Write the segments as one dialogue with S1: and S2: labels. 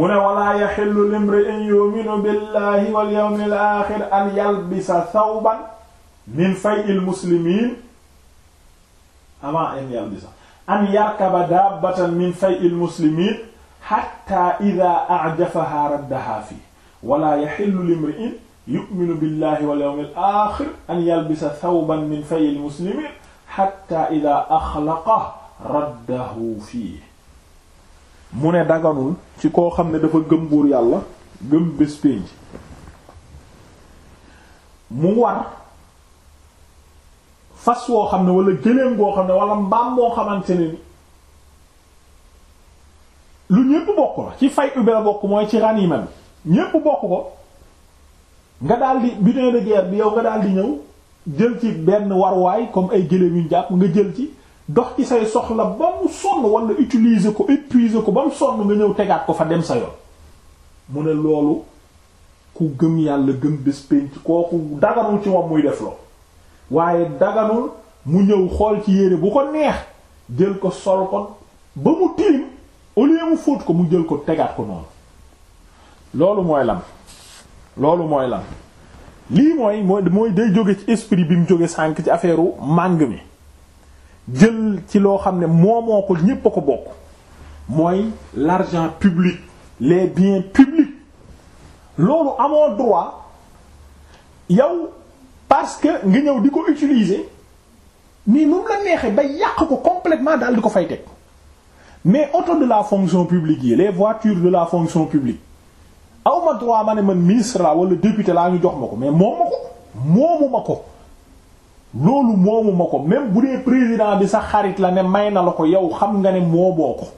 S1: mu ne walaa yaxillu limri'in yu'minu billahi wal yawmil aaxir an yalbisa thawban min fay'il muslimiin avant an yalbisa an yarkaba daabbatan min fay'il muslimiin hatta idhaa a'jafahaa raddahaa fiihi walaa yaxillu limri'in yu'minu billahi wal yawmil aaxir an yalbisa thawban min fay'il muslimiin hatta idhaa axlaqahu raddahu fiihi mu ne daganul ci koo xam ne dafa gëm buur yàlla gëm bés mu war fas woo xam ne wala gëléem goo xam ne wala mbaam moo xamante ne ni lu ñépp bokk la ci fay ubbi la bokk mooy ci ranima bi ñépp bokk ko nga daldi butin de bi yow nga daldi ñëw jël ci benn warwaay comme ay gëléem yu ñu nga jël ci dox ci say soxla ba mu sonn wala utiliser ko épuiser ko ba mu sonn nga ñëw tegaat ko fa dem sa yoon mu ne loolu ku gëm yàlla gëm bés pénc kooku daganul ci moom muy def lool waaye daganul mu ñëw xool ci yére bu ko neex jël ko sol ko ba mu tilim au mu fóot ko mu jël ko tegaat ko noonu loolu mooy lan loolu mooy lan lii mooy mooy day jóge ci esprit bi mu jóge sànk ci affaire u màng mi jël ci loo xam ne moomoo ko ñépp a ko bokk mooy l'argent public les biens publics loolu amoo droit yow parce que ngi ñëw di ko utiliser nii nu mu la neexee ba yàq ko complètement daal di ko fay teg mais auto de la fonction publique yi les voitures de la fonction publique awma droit ma ne man ministre la wala député laa ngi jox ma ko mais moom ma ko moomu ko loolu moomu ma ko même bu dee président bi sa xarit la ne may na la ko yow xam nga ne moo boo ko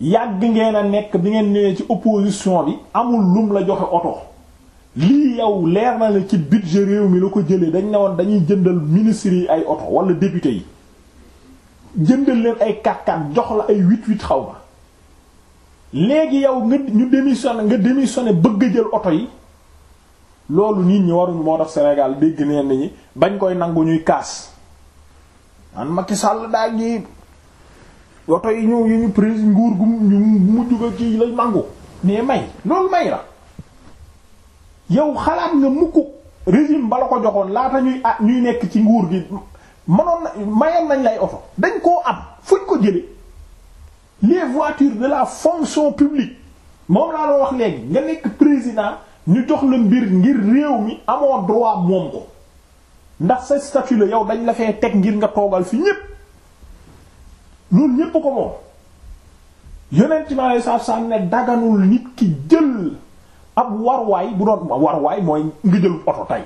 S1: yàgg ngeen a nekk bi ngeen ñëwee ci opposition bi amul lum la joxe oto lii yow leer na la ci budget réew mi la ko jëlee dañ ne woon dañuy jëndal ministres yi ay oto wala député yi jëndal leen ay 4 x jox la ay 8-8 xaw ma léegi yow nga ñu démissionné nga démissionné bëgg jël oto yi loolu nit ñi waruñ moo tax Sénégal dégg neen ñi bañ koy nangu ñuy kaas man Macky sàll daal ngi woto yi ñëw yi ñu prise nguur gu mujj ko kii lañ nangu mais may loolu may la yow xalaat nga mukku régime bala ko joxoon laata ñuy ah ñuy nekk ci nguur gi manoon na mayoon nañ lay oto dañ koo am fuñ ko jële les voitures de la fonction publique moom laa la wax léegi nga nekk président ñu jox la mbir ngir réew mi amoo droit moom ko ndax sa statut yow dañ la fee teg ngir nga toogal fi ñépp loolu ñépp ko moom yonent mi alei satu ne daganul nit ki jël ab warwaay bu doon warwaay mooy nga jël oto tey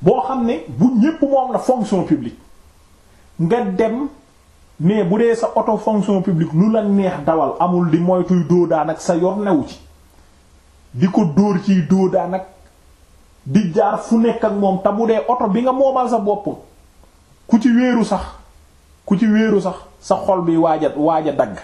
S1: boo xam ne bu ñépp moom la fonction publique nga dem mais bu dee sa oto fonction publique nu la neex dawal amul di moytuy doo daan ak sa yor newu ci di ko dóor ciy dóodaa nag di jaar fu nekk ak moom te bu dee oto bi nga moomal sa bopp ku ci wéeru sax ku ci wéeru sax sa xol bi waaja waaj a dagg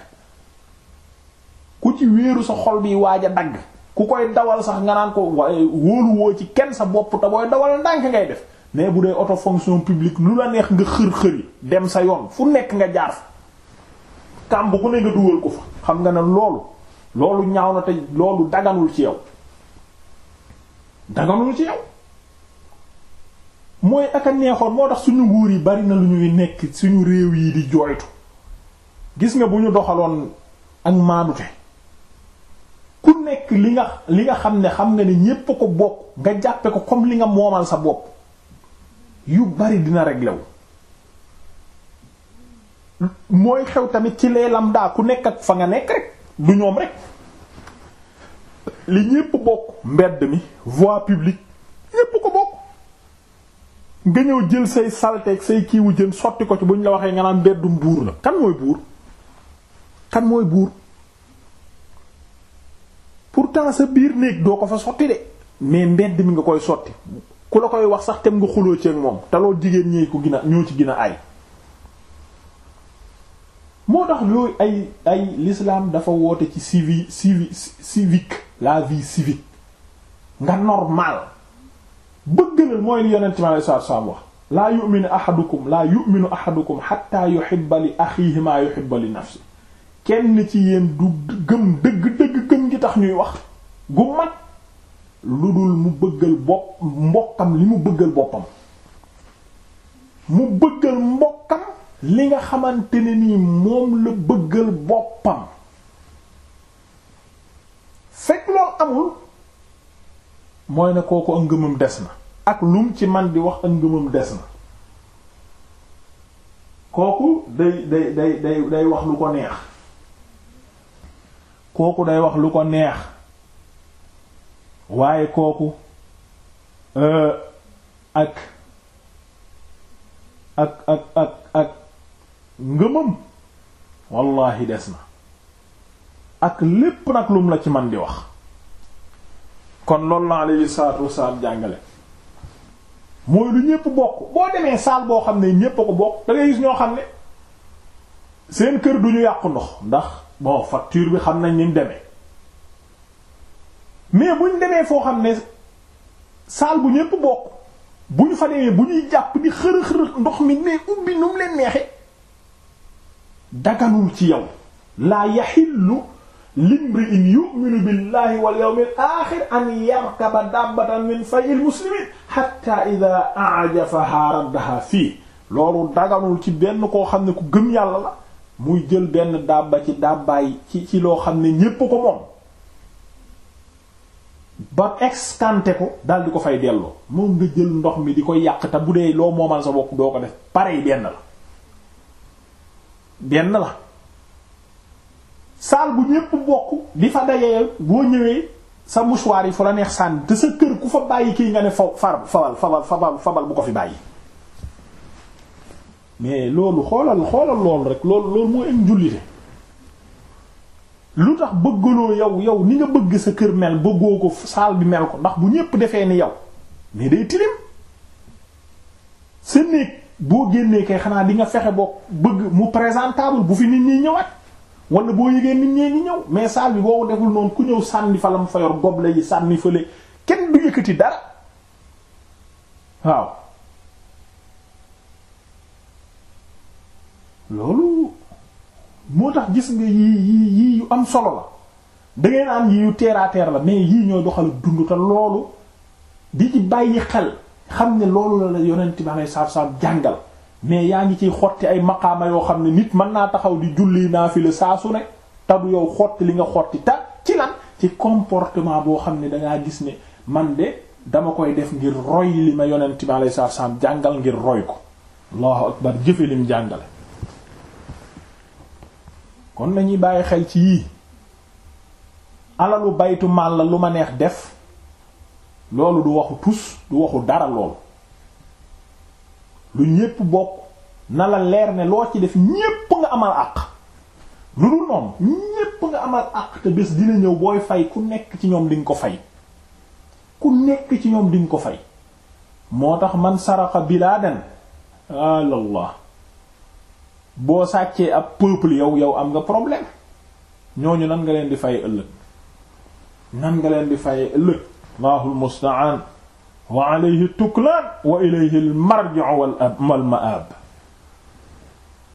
S1: ku ci wéeru sa xol bi waaj dagg ku koy dawal sax nga naan ko wa woo ci kenn sa bopp te booy dawal ndànk ngay def mais bu dee oto fonction publique lu la neex nga xër-xëri dem sa yoon fu nekk nga jaar fa kàmb ku ne nga dugal ko fa xam nga ne loolu loolu ñaaw na te loolu daganul ci yow daganul ci yow mooy ak a neexoon moo tax suñu wuur yi bari na lu ñuy nekk suñu réew yi di jooytu gis nga bu ñu doxaloon ak maanute ku nekk li nga li nga xam ne xam nga ne ñépp ko bokk nga jàppe ko comme li nga moomal sa bopp yu bari dina réglé wu mooy xew tamit ci leelam daa ku nekk ak fa nga nekk rek du ñoom rek li ñépp bokk mbedd mi voie publique ñépp ko bokk nga ñëw jël say salteeg say kiiwu jën sotti ko ci bu ñu la waxee nga naan mbeddum buur la kan mooy buur kan mooy buur pour pourtant sa biir néeg doo ko fa sotti de mais mbedd mi nga koy sotti ku la koy wax sax tem nga xuloo ci ak moom te loolu jigéen ñee ko gina ñoo ci gina ay moo tax yooyu ay ay lislaam dafa woote ci civi civi civique la vie nga normal bëggalal mooy yeneen yonent mi alayhi salaatu salaam wax laa yu'minu ahadukum laa yu'minu ahadukum hatta yuhibba li akhihi ma yuhibba li nafsi kenn ci yéen du gëm dëgg dëgg gëm gi tax ñuy wax gu mat lu dul mu bëggal bopp mbokkam li mu bëggal boppam mu bëggal mbokkam li nga xamante ne nii moom la bëggal boppam fekk loolu amul mooy ne kooku ak ngëmam des na ak lum ci man di wax ak ngëmam des na kooku day day day day day wax lu ko neex kooku day wax lu ko neex waaye kooku euh, ak ak ak ak ak ngëmëm wallahi des na ak lépp nag lum la ci man di wax kon loolu la alayhi salaatu wasalaam jàngale mooy lu ñépp bokk boo demee saal boo xam ne ñépp a ko bokk da gis ñoo xam ne seen kër du ñu yàqu ndox ndax bon facture bi xam nañ ni deme demee mais buñ demee foo xam ne saal bu ñépp bokk bu ñu fa demee bu ñuy jàpp di xërëxërë ndox mi mais ubbi nu mu leen neexee daganul ci yow laa yaxillu limri in yu'minu billahi wal yawmil axir an yarkaba dabbatan min fayil muslimin hatta ida a'jafaha raddaha fii loolu daganul ci benn koo xam ne ku gëm yàlla la muy jël benn dàbba ci dàbbaay ci loo xam ne ñépp ko moom ba excanté ko daldi ko fay delloo moom nga jël ndox mi di ko yàq te bu dee loo moomal sa bopp doo ko def parey benn la benn la saal bu ñépp bokk di fa dajeel boo ñëwee sa mouchoir yi fu la neex sànni te sa kër ku fa bàyyi kii nga ne fa far fabal fabal fabal fabal bu ko fi bàyyi mais loolu xoolal xoolal loolu rek loolu loolu moo am jullite lu tax bëggaloo yow yow ni nga bëgg sa kër mel bëggoo ko saal bi mel ko ndax bu ñépp defee ni yow mais day tilim sa néeg boo génnee kay xanaa di nga fexe boo bëgg mu présentable bu fi nit ñi ñëwaat wala boo yëgee nit ñee ñi ñëw mais salle bi boo deful noonu ku ñëw sànni fa la mu fa yor goble yi sànni fële kenn du yëkkati dara waaw loolu moo tax gis nga yi yii yii yu am solo la da ngeen am yii yu terre la mais yii ñoo doxal dund te loolu di ci bàyyi xel. xam ne loolu la yonent bi alayhi salaatu salaam jàngal mais yaa ngi ciy xotti ay maqaama yoo xam ne nit mën naa taxaw di julli naafila saa saasu ne te du yow xotti li nga xotti ta ci lan ci comportement boo xam ne dangaa gis ne man de dama koy def ngir roy li ma yonent bi alayhi salaatu salaam jàngal ngir roy ko allahu akbar jëfe lim jàngale kon nañuy bàyyi xel ci yii alalu baytu maal la lu ma neex def loolu du waxu tus du waxu dara lool lu ñépp bokk na la leer ne loo ci def ñépp nga amal àq lu dul noonu ñépp nga amal àq te bés dina ñëw booy fay ku nekk ci ñoom di ko fay ku nekk ci ñoom di ko fay moo tax man saraxa bilaadan alallah boo sàccee ab peuple yow yow am nga problème ñooñu nan nga leen di fay ëllëg nan nga leen di faye ëllëg maahul musta'an wa alayhi tuklaan wa ilayhi al marji'u wal ma'ab